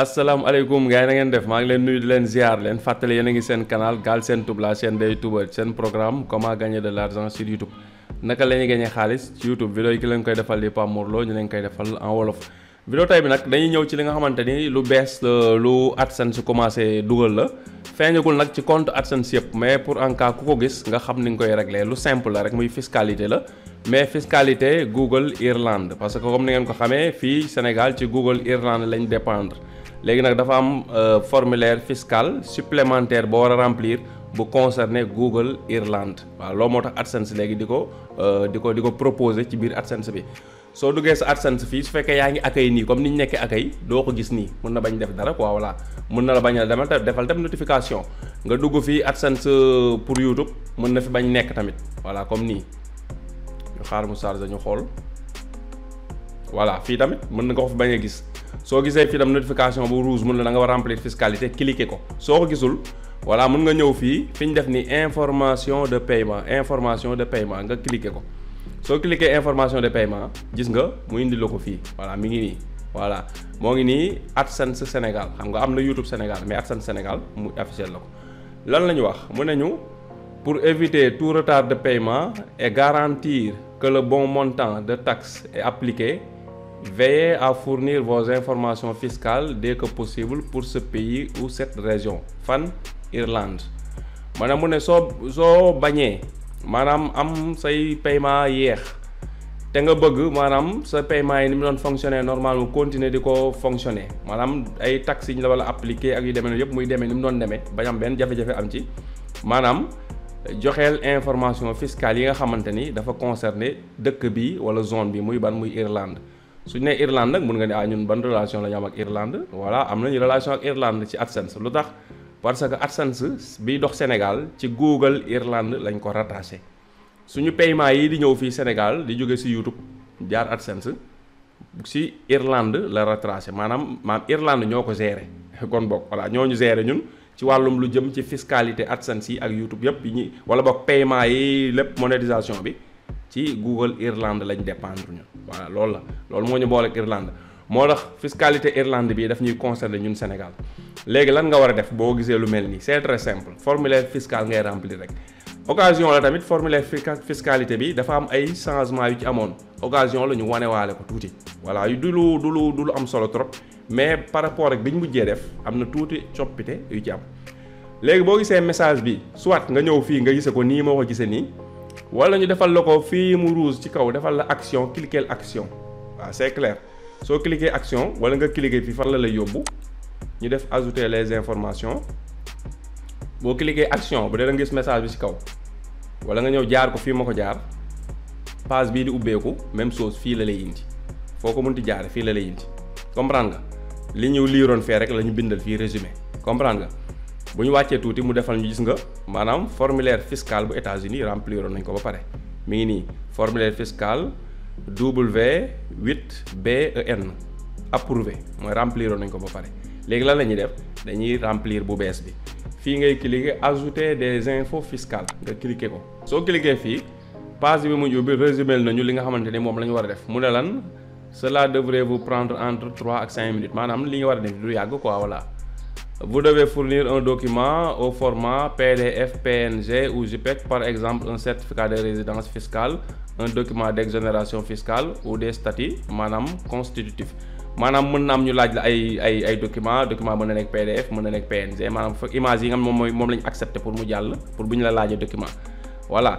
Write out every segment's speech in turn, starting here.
asalaamaaleykum gars yi na ngeen def maa ngi leen nuyu di leen ziar leen fàttali yéen a ngi seen canal Galsen Tube la chaîne des youtubeurs seen programme comment gagner de l'argent sur YouTube naka la ñuy gagner xaalis ci YouTube vidéo yi ki leen koy defal di Pape Mor Lo ñu leen koy defal en wolof vidéo tey bi nag dañuy ñëw ci li nga xamante ni lu bees lu AdSense su commencé dugal la feeñagul nag ci compte AdSense yëpp mais pour en cas ku ko gis nga xam ni nga koy régler lu simple la rek muy fiscalité la mais fiscalité Google Irlande parce que comme ni ngeen ko xamee fii Sénégal ci Google Irlande lañ dépendre léegi nag dafa am euh, formulaire fiscal supplémentaire boo war a remplir bu concerné Google Irlande waaw loo moo tax AdSense léegi di ko euh, di ko di ko proposé ci biir AdSense bi soo duggee sa AdSense fii su fekkee yaa ngi accueil nii comme ni ñu nekkee accueil doo ko gis nii mun na bañ def dara quoi voilà mun na la bañ a demal defal tam notification nga dugg fii AdSense euh, pour YouTube mën na fi bañ nekk tamit voilà comme nii xaar mu chargé ñu xool voilà fii tamit mën na nga ko bañ a gis. soo gisee fii tam notification bu rouge mun la da nga war remplir fiscalité cliquer ko soo ko gisul voilà mun nga ñëw fii fi ñu def ni information de paiement information de payman nga cliquer ko soo cliquer information de paiement gis nga mu indi la ko fii voilà mi ngi nii voilà moo ngi nii AdSense Sénégal xam nga am na YouTube Sénégal mais AdSense Sénégal mu officiel la ko lan la ñu wax mu ne ñu pour éviter tout retard de paiement et garantir que le bon montant de taxe est appliqué Veillez à fournir vos informations fiscales dès que possible pour ce pays ou cette région fan Irlande maanaam mu ne soo soo bañee maanaam am say paiement yeex te nga bëgg maanaam sa paiement yi ni mu doon fonctionner normal mu continuer di ko fonctionner maanaam ay taxes yi la war a appliquer ak yu deme na yëpp muy demee ni mu doon demee bañ am benn jafe-jafe am ci maanaam joxeel information fiscale yi nga xamante ni dafa concerner dëkk bi wala zone bi muy ban muy Irlande. suñ ne Irlande nag mun nga ne ah ñun ban relation la ñu am ak Irlande voilà am nañu relation ak Irlande ci AdSense lu tax parce que AdSense biy dox Sénégal ci Google Irlande lañ ko rattaché suñu paiement yi di ñëw fii Sénégal di jóge si YouTube jaar AdSense si Irlande la rattaché maanaam maam Irlande ñoo ko géré kon bokk voilà ñoo ñu géré ñun ci wàllum lu jëm ci fiscalité AdSense yi ak YouTube yëpp yi ñuy wala boog paiement yi lépp monétisation bi. ci Google Irlande lañ dépendre ñu voilà loolu la loolu moo ñu booleeg Irlande moo tax fiscalité Irlande bi daf ñuy concerné ñun Sénégal léegi lan nga war a def boo gisee lu mel nii c'est très simple formulaire fiscal ngay remplir rek occasion la tamit formulaire fiscalité bi dafa am ay changement yu ci amoon occasion la ñu wanewaale ko tuuti voilà du lu du lu du lu am solo trop mais par rapport ak bi ñu mujjee def am na tuuti coppite yu ci am léegi boo gisee message bi soit nga ñëw fii nga gisee ko nii moo gisee nii wala ñu defal la ko fii mu rouge ci kaw defal la action cliquer action waaw c'est clair soo cliquer action wala nga cliquer fii fan la lay yóbbu ñu def ajouter les informations boo cliquer action bu dee da nga gis message bi ci kaw wala nga ñëw jaar ko fii ma ko jaar page bii di ubbeeku même chose fii la lay indi foo ko munti jaare fii la lay indi comprendre nga li ñu liiroon fee rek la ñu bindal fii résumé comprendre nga. bu ñu wàccee tuuti mu defal ñu gis nga maanaam formulaire fiscal bu États-Unis remplir nañ ko ba pare mi ngi nii formulaire fiscal W8BEN approuvé mooy remplir nañ ko ba pare léegi lan la ñuy def dañuy remplir bu bees bi fii ngay cliquer ajouter des infos fiscales nga cliquer ko soo cliquer fii page bi mujj bi résumé nañu li nga xamante ni moom la ñu war a def mu ne lan la devrait vous prendre entre 3 ak 5 minutes maanaam li nga war a def du yàgg quoi voilà. Vous devez fournir un document au format PDF, PNG ou JPEG, par exemple un certificat de résidence fiscale, un document d'exonération fiscale ou des statuts maanaam constitutif maanaam mën na am ñu laaj la ay ay ay document document mën na nekk PDF mën na nekk PNG maanaam fekk image yi nga moom mooy moom la ñu accepté pour mu jàll pour bu ñu la laajee document voilà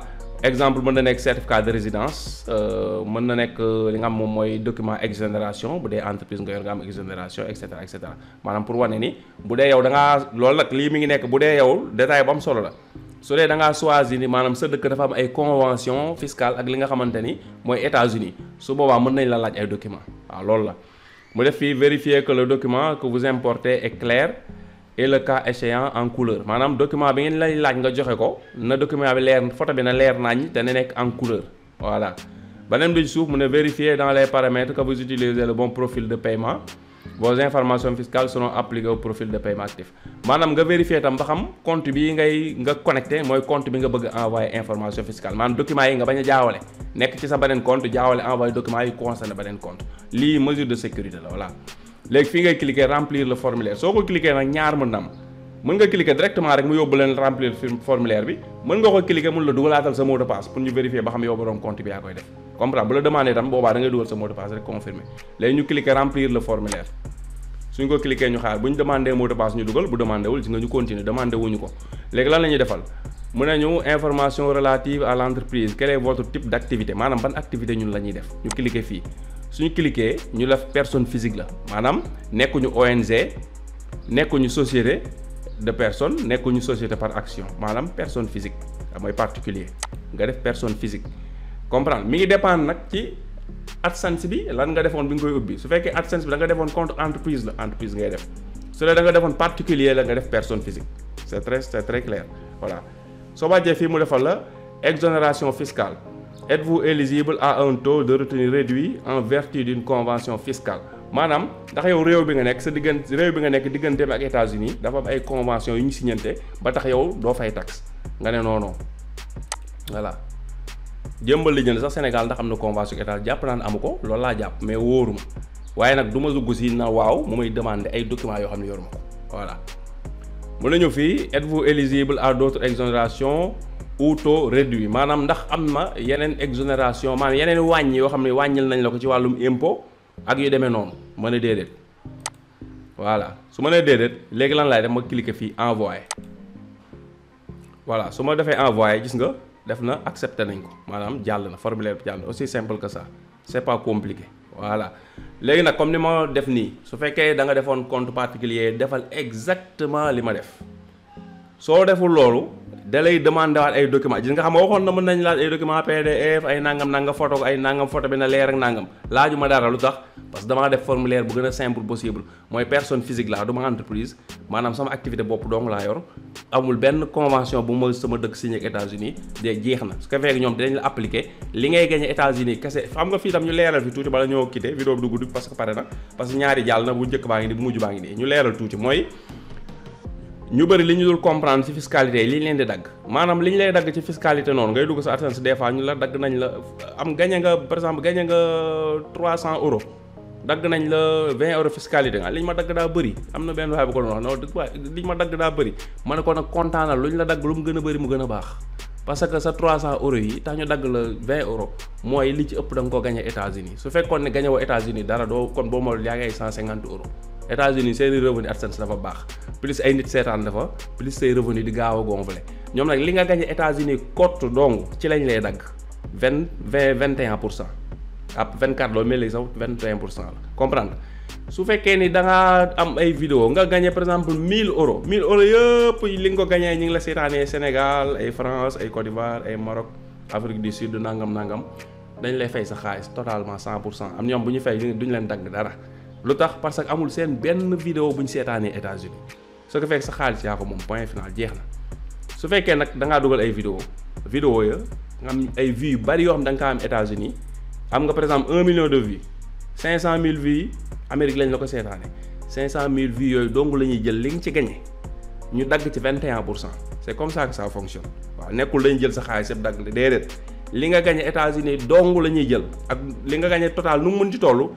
exemple mën na nekk certificat de résidence euh, mën na nekk euh, li nga xam moom mooy document exonération bu dee entreprise nga yor nga am exonération et cetera et cetera maanaam pour wane ni bu dee yow da ngaa loolu nag lii mi ngi nekk bu dee yow détail bu solo la su dee da ngaa choisir ni maanaam sa dëkk dafa am ay convention fiscale ak li nga xamante ni mooy États-Unis su boobaa mën nañ la laaj ay document waaw loolu la mu def fii vérifier que le document que vous importez et le cas échéant en couleur maanaam document bi ngeen lay laaj nga joxe ko na document bi leer photo bi na leer nañ te na nekk en couleur voilà beneen bi suuf mu ne vérifier dans les paramètres que vous utilisez bon profil de paiement vos informations fiscales seront appliquées profil de paiement actif maanaam nga vérifier tam ba xam compte bi ngay nga connecté mooy compte bi nga bëgg envoyer information fiscale maanaam document yi nga bañ a jaawale nekk ci sa beneen compte léegi fii ngay cliquer remplir le formulaire soo ko cliquer nag ñaar mën na am mën nga cliquer directement rek mu yóbbu leen remplir formulaire bi mën nga ko cliquer mun la dugalaatal sa mot de passe pour ñu vérifier ba xam yow borom compte bi yaa koy def comprendre bu la demandé tam boobaa da dugal sa mot de passe rek confirmer léegi ñu cliquer remplir le formulaire suñ ko cliquer ñu xaar bu ñu demandé mot de ñu dugal bu demandé wul nga activité maanaam ban activité la ñuy def ñu cliquer fii suñu cliquer ñu def personne physique la maanaam nekkuñu ONG nekkuñu société de personne nekkuñu société par action maanaam personne physique mooy particulier nga def personne physique comprendre mi ngi dépendre nag ci AdSense bi lan nga defoon bi nga koy ubbi su fekkee AdSense bi da nga defoon compte entreprise la entreprise ngay def su dee da defoon particulier la nga def personne physique c'est très c'est très clair voilà soo bàjjee fii mu defal la exonération fiscale êtes-vous éligible à un taux de retenue réduit en vertu d'une convention fiscale maanaam ndax yow réew bi nga nekk sa diggante réew bi nga nekk diggante bi ak États-Unis dafa am ay convention yu ñu signante ba tax yow doo fay taxe nga ne non non voilà jëmbal li jënd sax Sénégal ndax am na convention état jàpp naa ne amu ko loolu laa jàpp mais wóoruma waaye nag du ma dugg si na waaw mu may demander ay document yoo xam ne yoruma ko voilà. mu la ñëw fii êtes-vous éligible ou taux réduit maanaam ndax am na yeneen exonération maanaam yeneen wàññi yoo xam ne wàññil nañ la ko ci wàllum impôt ak yu demee noonu ma ne déedéet voilà su ma nee déedéet léegi lan laay def ma cliquer fii envoyé voilà su ma defee envoyer gis nga def na accepté nañ ko maanaam jàll na formulaire bi jàll aussi simple que ça c'est pas compliqué voilà léegi nag comme ni ma def nii su fekkee danga defoon compte particulier defal exactement li ma def soo deful loolu. da lay demandé waat ay document gis nga xam waxoon na mën nañ laaj ay document PDF ay nangam nangam photo ko ay bi na leer ak nangam laaju ma dara lu tax parce damaa def formulaire bu gën a simple possible mooy personne physique laa du ma entreprise maanaam sama activité bopp dong amul benn convention bu ma sama dëkk signé ak États-Unis de jeex na su ko fekkee ñoom dinañ la appliqué li ngay gagné États-Unis kese xam nga fii tam ñu leeral fi tuuti ngi nii leeral tuuti mooy ñu bëri li ñu dul comprendre ci fiscalité li ñu leen di dagg maanaam li ñu lay dagg ci fiscalité noonu ngay dugg sa AdSense des ñu la dagg nañ la am gagné par exemple gagné nga 300 euros dagg nañ la 20 euros fiscalité nga li ñu ma dagg daa bëri am na benn waay bu ko doon wax non ma dagg daa bëri ma ne ko nag kontaanal lu la dagg lu mu gën a bëri mu gën a baax parce que sa 300 euros yi tax ñu dagg la 20 euros mooy li ci ëpp da nga ko gagné États-Unis su fekkoon ne gagné woo États-Unis dara doo kon boo mool yaa ngi ay 150 euros. États-Unis seeni revenu AdSense dafa baax plus ay nit seetaan dafa plus say revenu di gaaw a gonfler ñoom nag li nga gañe États-Unis kott dong ci lañ lay dagg vingt vingt vingt et un pour cent ab vingt quatre loolu mel ni sax vingt et pour cent la comprendre su fekkee ni da am ay vidéo nga gagné par exemple 1000 euros 1000 euros yëpp li nga ko gagné ñu ngi la seetaanee Sénégal ay France ay Côte d'Ivoire ay Maroc Afrique du Sud nangam nangam dañ lay fay sa xaalis totalement 100 pour cent am bu ñu fay duñ leen dagg dara. lu tax parce que amul seen benn vidéo bu ñu seetaanee États-Unis su ko fekk sa xaalis yaa ko moom point final jeex na su fekkee nag dangaa ngaa dugal ay vidéo vidéo ya nga am ay vues yu bari yoo xam da nga kaa am États-Unis am nga par exemple un million de vues cinq cent mille vues yi Amérique lañ la ko seetaanee cinq cent mille vie yooyu dong la ñuy jël li nga ci gagné ñu dagg ci vingt et un pour cent c' comme ça que ça fonctionne waaw nekkul dañuy jël sa xaalis yëpp dagg li nga gagné États-Unis dong la ñuy jël ak li nga gagné total nu mu mën ci toll.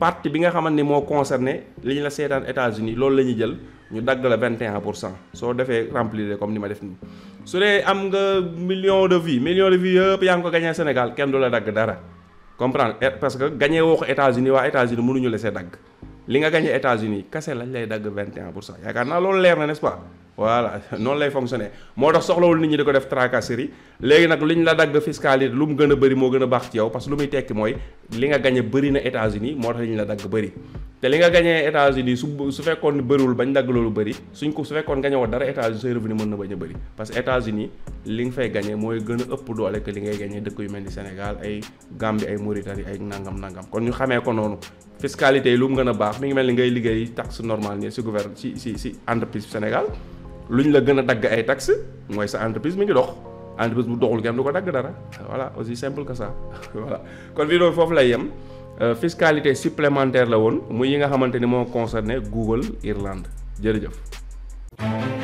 parti bi nga xamante ni moo concerné li ñu la seetaan États-Unis loolu la ñuy jël ñu dagg la vingt et pour cent soo defee remplir comme ni ma def nii. su dee am nga million de vues million de vues yëpp yaa ngi ko gagné Sénégal kenn du la dagg dara comprendre parce que gagné woo ko États-Unis waa États-Unis mënuñu la see dagg li nga gagné États-Unis kase lañ lay dagg vingt et pour cent yaakaar naa loolu leer na n'est-ce voilà noonu lay fonctionner moo tax soxlawul nit ñi di ko def tracasserie léegi nag li ñu la dagg fiscalité lu mu gën a bëri moo gën a baax ci yow parce que lu muy tekki mooy li nga gañe bëri na États-Unis moo tax ñu la dagg bëri te li nga gañee États-Unis su su fekkoon bëriwul bañ dagg loolu bëri suñ ko su fekkoon gañe woo dara États-Unis say revenu na bañ a bëri parce que états li nga fay gañe mooy a ëpp doole li ngay gañee dëkk yu mel ni Sénégal ay Gambie ay Mauritanie ay nangam nangam kon ñu xamee ko noonu fiscalité lu mu gën a baax mi ngi mel ni ngay liggéey taxe normale ni si gouvernement si si si entreprise Sénégal lu ñu la gën a dagg ay taxe mooy sa entreprise mi ngi dox entreprise bu doxul kenn du ko dagg dara voilà aussi simple que ça voilà kon vidéo foofu lay yem euh, fiscalité supplémentaire la woon muy yi nga xamante ni moo concerné Google Irlande jërëjëf